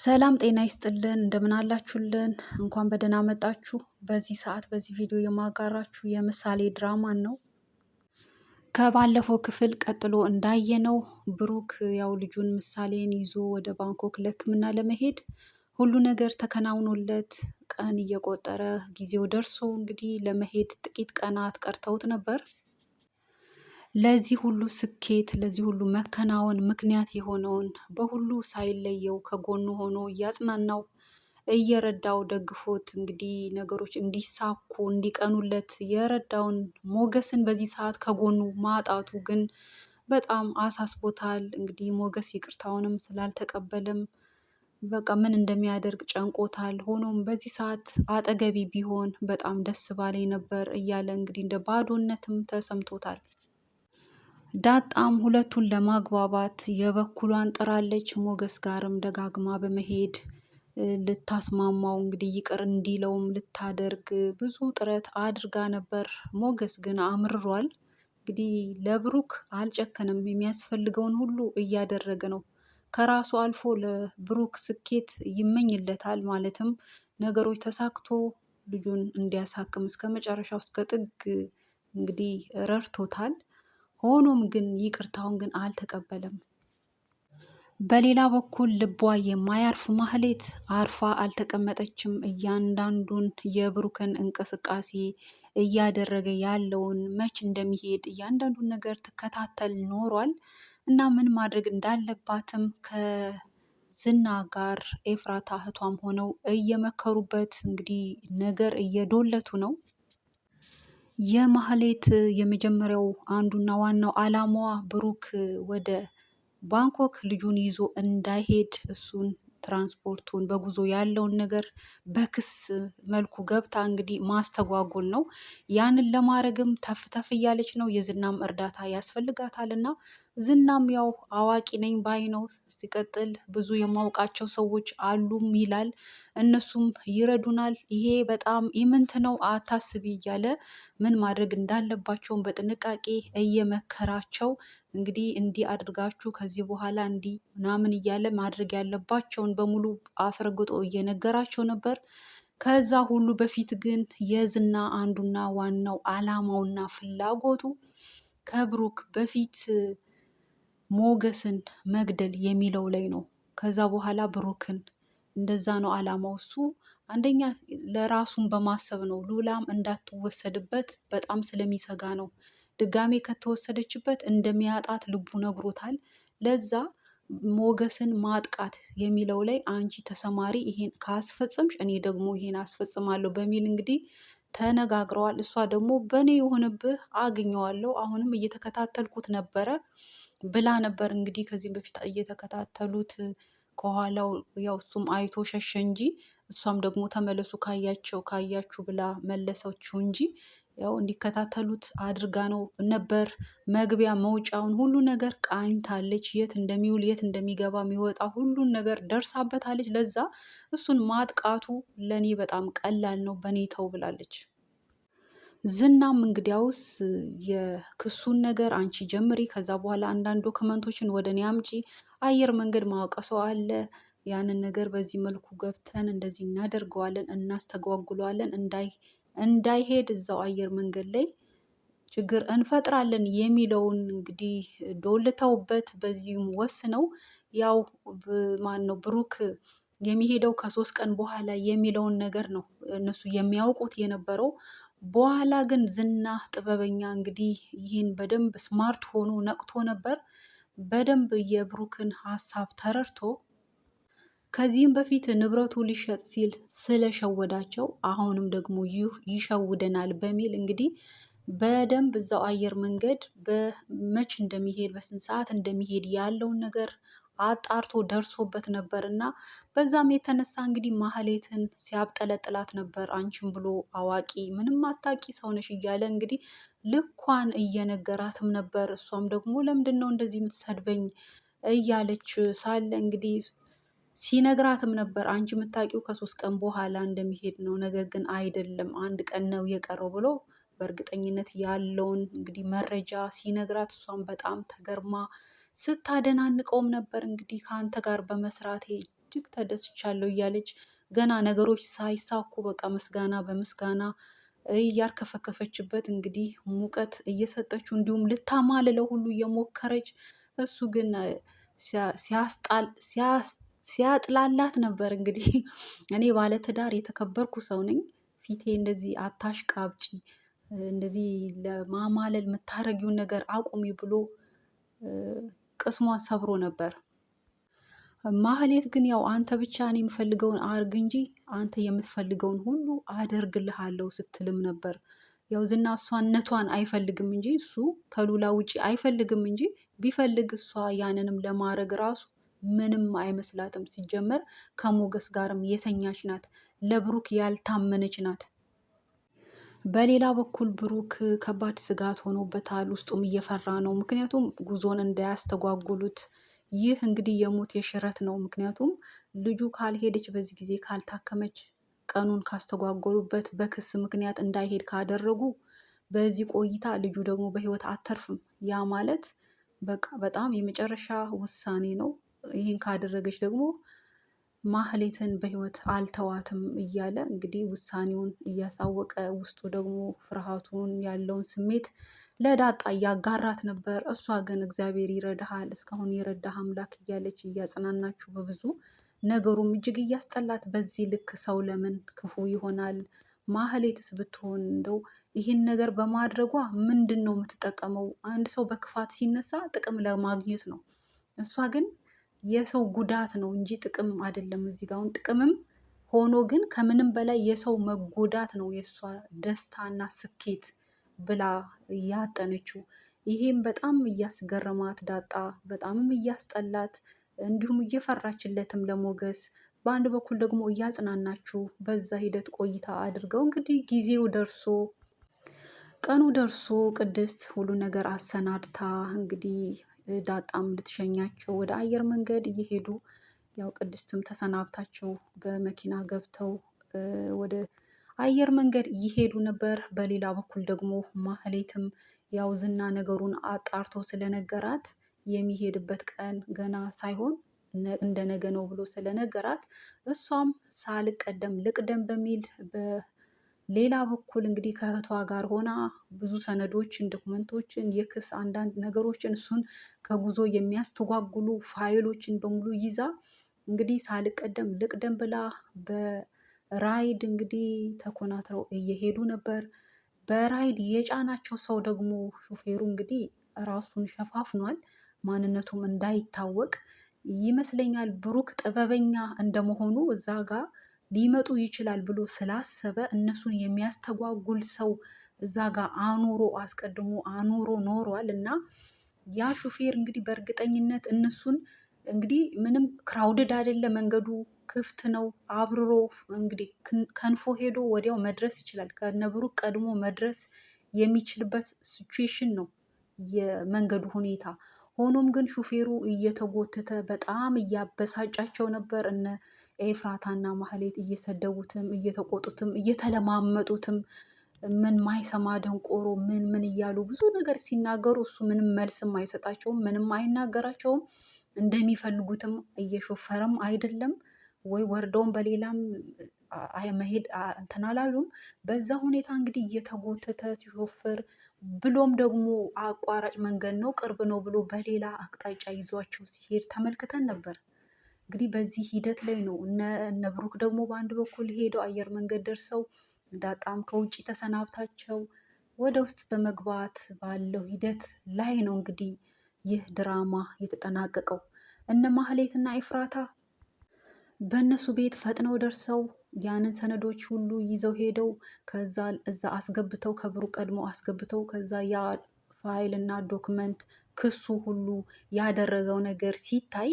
ሰላም ጤና ይስጥልን፣ እንደምን አላችሁልን? እንኳን በደህና መጣችሁ። በዚህ ሰዓት በዚህ ቪዲዮ የማጋራችሁ የምሳሌ ድራማን ነው። ከባለፈው ክፍል ቀጥሎ እንዳየነው ብሩክ ያው ልጁን ምሳሌን ይዞ ወደ ባንኮክ ለሕክምና ለመሄድ ሁሉ ነገር ተከናውኖለት ቀን እየቆጠረ ጊዜው ደርሶ እንግዲህ ለመሄድ ጥቂት ቀናት ቀርተውት ነበር። ለዚህ ሁሉ ስኬት ለዚህ ሁሉ መከናወን ምክንያት የሆነውን በሁሉ ሳይለየው ከጎኑ ሆኖ እያጽናናው እየረዳው ደግፎት እንግዲህ ነገሮች እንዲሳኩ እንዲቀኑለት የረዳውን ሞገስን በዚህ ሰዓት ከጎኑ ማጣቱ ግን በጣም አሳስቦታል። እንግዲህ ሞገስ ይቅርታውንም ስላልተቀበለም በቃ ምን እንደሚያደርግ ጨንቆታል። ሆኖም በዚህ ሰዓት አጠገቢ ቢሆን በጣም ደስ ባለኝ ነበር እያለ እንግዲህ እንደ ባዶነትም ተሰምቶታል። ዳጣም ሁለቱን ለማግባባት የበኩሏን ጥራለች። ሞገስ ጋርም ደጋግማ በመሄድ ልታስማማው እንግዲህ ይቅር እንዲለውም ልታደርግ ብዙ ጥረት አድርጋ ነበር። ሞገስ ግን አምርሯል። እንግዲህ ለብሩክ አልጨከንም፣ የሚያስፈልገውን ሁሉ እያደረገ ነው። ከራሱ አልፎ ለብሩክ ስኬት ይመኝለታል። ማለትም ነገሮች ተሳክቶ ልጁን እንዲያሳክም እስከ መጨረሻው እስከ ጥግ እንግዲህ ረድቶታል። ሆኖም ግን ይቅርታውን ግን አልተቀበለም። በሌላ በኩል ልቧ የማያርፍ ማህሌት አርፋ አልተቀመጠችም። እያንዳንዱን የብሩክን እንቅስቃሴ እያደረገ ያለውን መች እንደሚሄድ እያንዳንዱን ነገር ትከታተል ኖሯል እና ምን ማድረግ እንዳለባትም ከዝና ጋር ኤፍራታ እህቷም ሆነው እየመከሩበት እንግዲህ ነገር እየዶለቱ ነው። የማህሌት የመጀመሪያው አንዱና ዋናው አላማዋ ብሩክ ወደ ባንኮክ ልጁን ይዞ እንዳይሄድ እሱን ትራንስፖርቱን በጉዞ ያለውን ነገር በክስ መልኩ ገብታ እንግዲህ ማስተጓጎል ነው። ያንን ለማድረግም ተፍተፍ እያለች ነው። የዝናም እርዳታ ያስፈልጋታል እና ዝናም ያው አዋቂ ነኝ ባይ ነው። ሲቀጥል ብዙ የማውቃቸው ሰዎች አሉም ይላል። እነሱም ይረዱናል። ይሄ በጣም ኢምንት ነው አታስቢ እያለ ምን ማድረግ እንዳለባቸውን በጥንቃቄ እየመከራቸው እንግዲህ እንዲህ አድርጋችሁ ከዚህ በኋላ እንዲህ ምናምን እያለ ማድረግ ያለባቸውን በሙሉ አስረግጦ እየነገራቸው ነበር። ከዛ ሁሉ በፊት ግን የዝና አንዱና ዋናው አላማውና ፍላጎቱ ከብሩክ በፊት ሞገስን መግደል የሚለው ላይ ነው። ከዛ በኋላ ብሩክን እንደዛ ነው አላማው። እሱ አንደኛ ለራሱን በማሰብ ነው። ሉላም እንዳትወሰድበት በጣም ስለሚሰጋ ነው። ድጋሜ ከተወሰደችበት እንደሚያጣት ልቡ ነግሮታል። ለዛ ሞገስን ማጥቃት የሚለው ላይ አንቺ ተሰማሪ፣ ይሄን ካስፈጽምሽ እኔ ደግሞ ይሄን አስፈጽማለሁ በሚል እንግዲህ ተነጋግረዋል። እሷ ደግሞ በእኔ የሆነብህ አግኘዋለሁ፣ አሁንም እየተከታተልኩት ነበረ ብላ ነበር እንግዲህ ከዚህም በፊት እየተከታተሉት ከኋላው ያው እሱም አይቶ ሸሸ እንጂ እሷም ደግሞ ተመለሱ ካያቸው ካያችሁ ብላ መለሰችው እንጂ ያው እንዲከታተሉት አድርጋ ነው ነበር። መግቢያ መውጫውን ሁሉ ነገር ቃኝታለች። የት እንደሚውል የት እንደሚገባ የሚወጣ ሁሉን ነገር ደርሳበታለች። ለዛ እሱን ማጥቃቱ ለእኔ በጣም ቀላል ነው በኔ ተው ብላለች። ዝናም እንግዲያውስ የክሱን ነገር አንቺ ጀምሪ፣ ከዛ በኋላ አንዳንድ ዶክመንቶችን ወደ እኔ አምጪ። አየር መንገድ ማወቀሰው አለ። ያንን ነገር በዚህ መልኩ ገብተን እንደዚህ እናደርገዋለን፣ እናስተጓጉለዋለን፣ እንዳይሄድ እዛው አየር መንገድ ላይ ችግር እንፈጥራለን የሚለውን እንግዲህ ዶልተውበት በዚህም ወስነው ያው ማን ነው ብሩክ የሚሄደው ከሶስት ቀን በኋላ የሚለውን ነገር ነው እነሱ የሚያውቁት የነበረው። በኋላ ግን ዝና ጥበበኛ እንግዲህ ይህን በደንብ ስማርት ሆኖ ነቅቶ ነበር። በደንብ የብሩክን ሀሳብ ተረድቶ ከዚህም በፊት ንብረቱ ሊሸጥ ሲል ስለሸወዳቸው አሁንም ደግሞ ይሸውደናል በሚል እንግዲህ በደንብ እዛው አየር መንገድ በመች እንደሚሄድ በስንት ሰዓት እንደሚሄድ ያለውን ነገር አጣርቶ ደርሶበት ነበር እና በዛም የተነሳ እንግዲህ ማህሌትን ሲያብጠለጥላት ነበር። አንቺን ብሎ አዋቂ ምንም አታቂ ሰውነሽ እያለ እንግዲህ ልኳን እየነገራትም ነበር። እሷም ደግሞ ለምንድን ነው እንደዚህ የምትሰድበኝ እያለች ሳለ እንግዲህ ሲነግራትም ነበር። አንቺ የምታውቂው ከሶስት ቀን በኋላ እንደሚሄድ ነው፣ ነገር ግን አይደለም አንድ ቀን ነው የቀረው ብሎ በእርግጠኝነት ያለውን እንግዲህ መረጃ ሲነግራት እሷም በጣም ተገርማ ስታደናንቀውም ነበር። እንግዲህ ከአንተ ጋር በመስራቴ እጅግ ተደስቻለሁ እያለች ገና ነገሮች ሳይሳኩ በቃ ምስጋና በምስጋና እያርከፈከፈችበት እንግዲህ ሙቀት እየሰጠችው እንዲሁም ልታማልለው ሁሉ እየሞከረች እሱ ግን ሲያጥላላት ነበር። እንግዲህ እኔ ባለትዳር የተከበርኩ ሰው ነኝ፣ ፊቴ እንደዚህ አታሽ ቃብጪ እንደዚህ ለማማለል የምታረጊውን ነገር አቁሚ ብሎ ቅስሟን ሰብሮ ነበር። ማህሌት ግን ያው አንተ ብቻ እኔ የምፈልገውን አርግ እንጂ አንተ የምትፈልገውን ሁሉ አደርግልሃለሁ ስትልም ነበር። ያው ዝና ነቷን አይፈልግም እንጂ እሱ ከሉላ ውጪ አይፈልግም እንጂ ቢፈልግ እሷ ያንንም ለማድረግ ራሱ ምንም አይመስላትም። ሲጀመር ከሞገስ ጋርም የተኛች ናት። ለብሩክ ያልታመነች ናት። በሌላ በኩል ብሩክ ከባድ ስጋት ሆኖበታል። ውስጡም እየፈራ ነው። ምክንያቱም ጉዞን እንዳያስተጓጉሉት ይህ እንግዲህ የሞት የሽረት ነው። ምክንያቱም ልጁ ካልሄደች፣ በዚህ ጊዜ ካልታከመች፣ ቀኑን ካስተጓጎሉበት፣ በክስ ምክንያት እንዳይሄድ ካደረጉ በዚህ ቆይታ ልጁ ደግሞ በህይወት አተርፍም። ያ ማለት በቃ በጣም የመጨረሻ ውሳኔ ነው። ይህን ካደረገች ደግሞ ማህሌትን በህይወት አልተዋትም እያለ እንግዲህ ውሳኔውን እያሳወቀ ውስጡ ደግሞ ፍርሃቱን ያለውን ስሜት ለዳጣ እያጋራት ነበር። እሷ ግን እግዚአብሔር ይረዳሃል፣ እስካሁን የረዳህ አምላክ እያለች እያጽናናችሁ በብዙ ነገሩም እጅግ እያስጠላት፣ በዚህ ልክ ሰው ለምን ክፉ ይሆናል? ማህሌትስ ብትሆን እንደው ይህን ነገር በማድረጓ ምንድን ነው የምትጠቀመው? አንድ ሰው በክፋት ሲነሳ ጥቅም ለማግኘት ነው። እሷ ግን የሰው ጉዳት ነው እንጂ ጥቅም አይደለም። እዚህ ጋር አሁን ጥቅምም ሆኖ ግን ከምንም በላይ የሰው መጎዳት ነው የእሷ ደስታና ስኬት ብላ ያጠነችው። ይሄም በጣም እያስገረማት ዳጣ በጣምም እያስጠላት እንዲሁም እየፈራችለትም ለሞገስ በአንድ በኩል ደግሞ እያጽናናችሁ በዛ ሂደት ቆይታ አድርገው እንግዲህ ጊዜው ደርሶ ቀኑ ደርሶ ቅድስት ሁሉ ነገር አሰናድታ እንግዲህ ዳጣም ልትሸኛቸው ወደ አየር መንገድ እየሄዱ ያው ቅድስትም ተሰናብታቸው በመኪና ገብተው ወደ አየር መንገድ እየሄዱ ነበር። በሌላ በኩል ደግሞ ማህሌትም ያው ዝና ነገሩን አጣርቶ ስለነገራት የሚሄድበት ቀን ገና ሳይሆን እንደ ነገ ነው ብሎ ስለነገራት እሷም ሳልቀደም ልቅደም በሚል ሌላ በኩል እንግዲህ ከእህቷ ጋር ሆና ብዙ ሰነዶችን፣ ዶክመንቶችን፣ የክስ አንዳንድ ነገሮችን እሱን ከጉዞ የሚያስተጓጉሉ ፋይሎችን በሙሉ ይዛ እንግዲህ ሳልቀደም ልቅደም ብላ በራይድ እንግዲህ ተኮናትረው እየሄዱ ነበር። በራይድ የጫናቸው ሰው ደግሞ ሹፌሩ እንግዲህ ራሱን ሸፋፍኗል። ማንነቱም እንዳይታወቅ ይመስለኛል። ብሩክ ጥበበኛ እንደመሆኑ እዛ ጋር ሊመጡ ይችላል ብሎ ስላሰበ እነሱን የሚያስተጓጉል ሰው እዛ ጋር አኑሮ አስቀድሞ አኑሮ ኖሯል እና ያ ሹፌር እንግዲህ በእርግጠኝነት እነሱን እንግዲህ ምንም ክራውድድ አይደለ መንገዱ ክፍት ነው። አብርሮ እንግዲህ ከንፎ ሄዶ ወዲያው መድረስ ይችላል። ከነብሩ ቀድሞ መድረስ የሚችልበት ሲቹዌሽን ነው የመንገዱ ሁኔታ። ሆኖም ግን ሹፌሩ እየተጎተተ በጣም እያበሳጫቸው ነበር። እነ ኤፍራታና ማህሌት እየሰደቡትም እየተቆጡትም እየተለማመጡትም ምን ማይሰማ ደንቆሮ ምን ምን እያሉ ብዙ ነገር ሲናገሩ እሱ ምንም መልስም አይሰጣቸውም፣ ምንም አይናገራቸውም። እንደሚፈልጉትም እየሾፈረም አይደለም ወይ ወርደውም በሌላም መሄድ እንትን አላሉም። በዛ ሁኔታ እንግዲህ እየተጎተተ ሲሾፍር ብሎም ደግሞ አቋራጭ መንገድ ነው ቅርብ ነው ብሎ በሌላ አቅጣጫ ይዟቸው ሲሄድ ተመልክተን ነበር። እንግዲህ በዚህ ሂደት ላይ ነው እነ ብሩክ ደግሞ በአንድ በኩል ሄደው አየር መንገድ ደርሰው ዳጣም ከውጭ ተሰናብታቸው ወደ ውስጥ በመግባት ባለው ሂደት ላይ ነው እንግዲህ ይህ ድራማ የተጠናቀቀው። እነ ማህሌትና ኤፍራታ በእነሱ ቤት ፈጥነው ደርሰው ያንን ሰነዶች ሁሉ ይዘው ሄደው ከዛ እዛ አስገብተው ከብሩ ቀድሞ አስገብተው ከዛ ያ ፋይል እና ዶክመንት ክሱ ሁሉ ያደረገው ነገር ሲታይ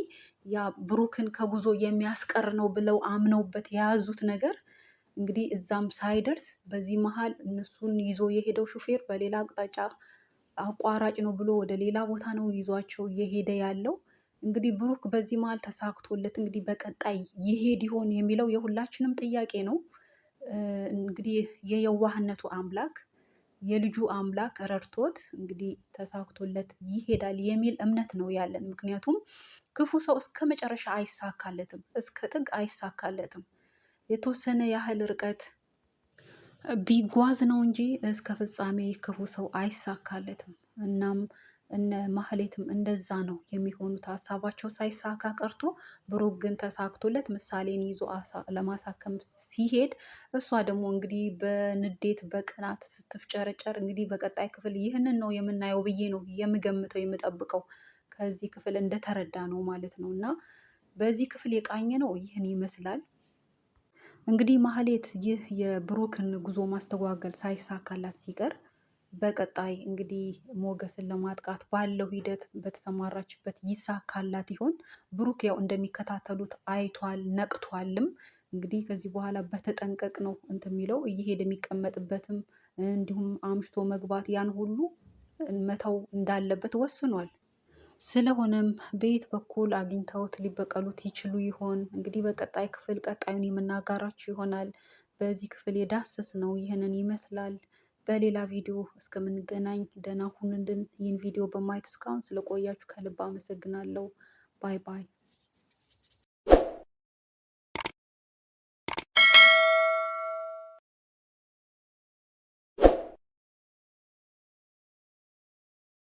ያ ብሩክን ከጉዞ የሚያስቀር ነው ብለው አምነውበት የያዙት ነገር እንግዲህ እዛም ሳይደርስ በዚህ መሀል እነሱን ይዞ የሄደው ሹፌር በሌላ አቅጣጫ አቋራጭ ነው ብሎ ወደ ሌላ ቦታ ነው ይዟቸው እየሄደ ያለው። እንግዲህ ብሩክ በዚህ መሀል ተሳክቶለት እንግዲህ በቀጣይ ይሄድ ይሆን የሚለው የሁላችንም ጥያቄ ነው። እንግዲህ የየዋህነቱ አምላክ የልጁ አምላክ ረድቶት እንግዲህ ተሳክቶለት ይሄዳል የሚል እምነት ነው ያለን። ምክንያቱም ክፉ ሰው እስከ መጨረሻ አይሳካለትም፣ እስከ ጥግ አይሳካለትም። የተወሰነ ያህል ርቀት ቢጓዝ ነው እንጂ እስከ ፍጻሜ ክፉ ሰው አይሳካለትም። እናም እነ ማህሌትም እንደዛ ነው የሚሆኑት። ሀሳባቸው ሳይሳካ ቀርቶ ብሩክ ግን ተሳክቶለት ምሳሌን ይዞ ለማሳከም ሲሄድ እሷ ደግሞ እንግዲህ በንዴት በቅናት ስትፍጨረጨር እንግዲህ በቀጣይ ክፍል ይህንን ነው የምናየው ብዬ ነው የምገምተው የምጠብቀው ከዚህ ክፍል እንደተረዳ ነው ማለት ነው እና በዚህ ክፍል የቃኘ ነው ይህን ይመስላል። እንግዲህ ማህሌት ይህ የብሩክን ጉዞ ማስተጓገል ሳይሳካላት ሲቀር በቀጣይ እንግዲህ ሞገስን ለማጥቃት ባለው ሂደት በተሰማራችበት ይሳካላት ይሆን? ብሩክ ያው እንደሚከታተሉት አይቷል፣ ነቅቷልም። እንግዲህ ከዚህ በኋላ በተጠንቀቅ ነው እንትን የሚለው እየሄደ የሚቀመጥበትም እንዲሁም አምሽቶ መግባት ያን ሁሉ መተው እንዳለበት ወስኗል። ስለሆነም በየት በኩል አግኝተውት ሊበቀሉት ይችሉ ይሆን? እንግዲህ በቀጣይ ክፍል ቀጣዩን የምናጋራችሁ ይሆናል። በዚህ ክፍል የዳሰስ ነው ይህንን ይመስላል። በሌላ ቪዲዮ እስከምንገናኝ ደህና ሁኑልን። ይህን ቪዲዮ በማየት እስካሁን ስለቆያችሁ ከልብ አመሰግናለሁ። ባይ ባይ።